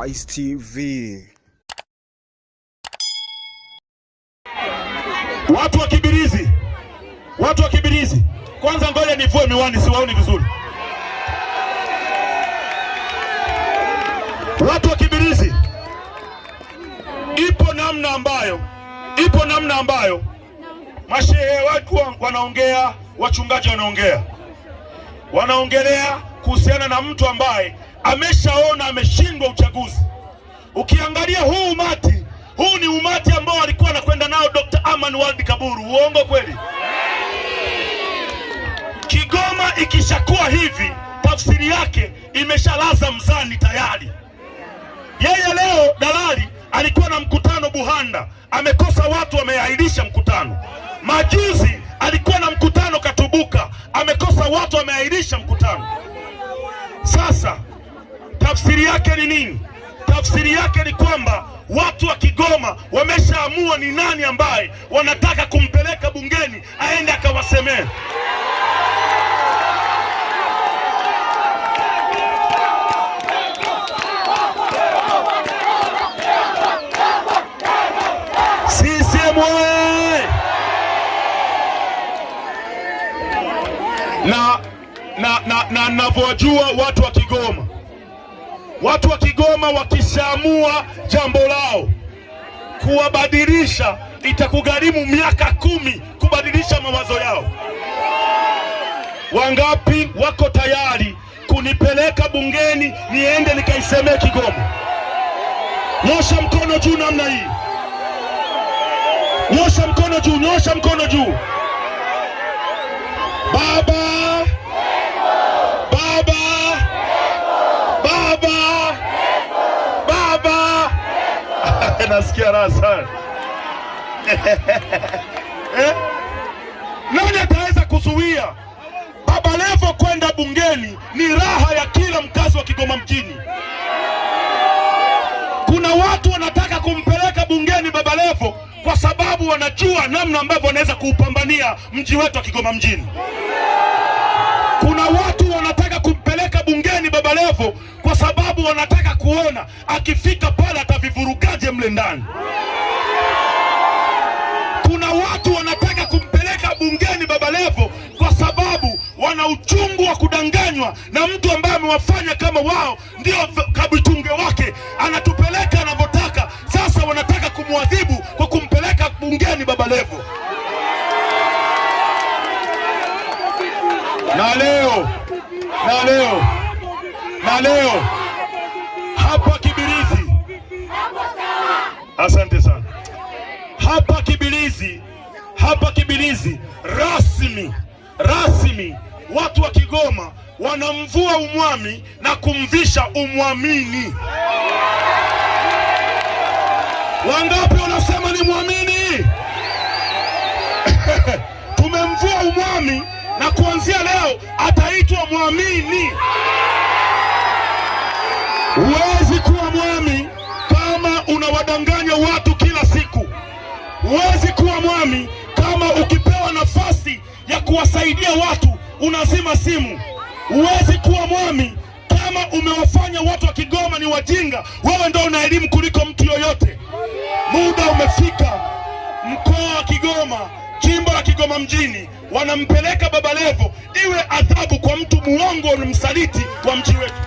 Vice TV. Watu wa Kibirizi, watu wa Kibirizi, kwanza ngoja nivue miwani, siwaoni vizuri. Watu wa Kibirizi, ipo namna ambayo, ipo namna ambayo mashehe watu wanaongea, wachungaji wanaongea, wanaongelea kuhusiana na mtu ambaye ameshaona ameshindwa uchaguzi. Ukiangalia huu umati huu ni umati ambao alikuwa anakwenda nao Dr. Aman Waldi Kaburu. Uongo kweli? Kigoma ikishakuwa hivi, tafsiri yake imeshalaza mzani tayari. Yeye leo dalali alikuwa na mkutano Buhanda, amekosa watu, wameahirisha mkutano. Majuzi alikuwa na mkutano Katubuka, amekosa watu, wameahirisha mkutano. Sasa Tafsiri yake ni nini? Tafsiri yake ni kwamba watu wa Kigoma wameshaamua ni nani ambaye wanataka kumpeleka bungeni aende akawasemee. Na na na ninavyojua watu wa Kigoma Watu wa Kigoma wakishaamua jambo lao kuwabadilisha, itakugharimu miaka kumi kubadilisha mawazo yao. Wangapi wako tayari kunipeleka bungeni niende nikaisemee Kigoma? Nyosha mkono juu namna hii, nyosha mkono juu, nyosha mkono juu, baba Baba, Baba, nasikia raha sana. Eh? Nani ataweza kuzuia Baba Levo kwenda bungeni? Ni raha ya kila mkazi wa Kigoma mjini. Kuna watu wanataka kumpeleka bungeni Baba Levo kwa sababu wanajua namna ambavyo wanaweza kuupambania mji wetu wa Kigoma mjini. Kuna watu wanataka kumpeleka bungeni Baba Levo sababu wanataka kuona akifika pale atavivurugaje mle ndani. Kuna watu wanataka kumpeleka bungeni Baba Levo kwa sababu wana uchungu wa kudanganywa na mtu ambaye amewafanya kama wao ndio kabitunge wake, anatupeleka anavyotaka. Sasa wanataka kumwadhibu kwa kumpeleka bungeni Baba Levo. Na leo na leo na leo hapa Kibirizi. Asante sana. Hapa Kibirizi, hapa Kibirizi rasmi rasmi, watu wa Kigoma wanamvua umwami na kumvisha umwamini. Wangapi wanasema ni mwamini? Tumemvua umwami na kuanzia leo ataitwa mwamini. Huwezi kuwa mwami kama unawadanganya watu kila siku. Huwezi kuwa mwami kama ukipewa nafasi ya kuwasaidia watu unazima simu. Huwezi kuwa mwami kama umewafanya watu wa Kigoma ni wajinga. Wewe ndo una elimu kuliko mtu yoyote. Muda umefika, mkoa wa Kigoma, jimbo la Kigoma mjini wanampeleka Baba Levo, iwe adhabu kwa mtu muongo na msaliti wa mji wetu.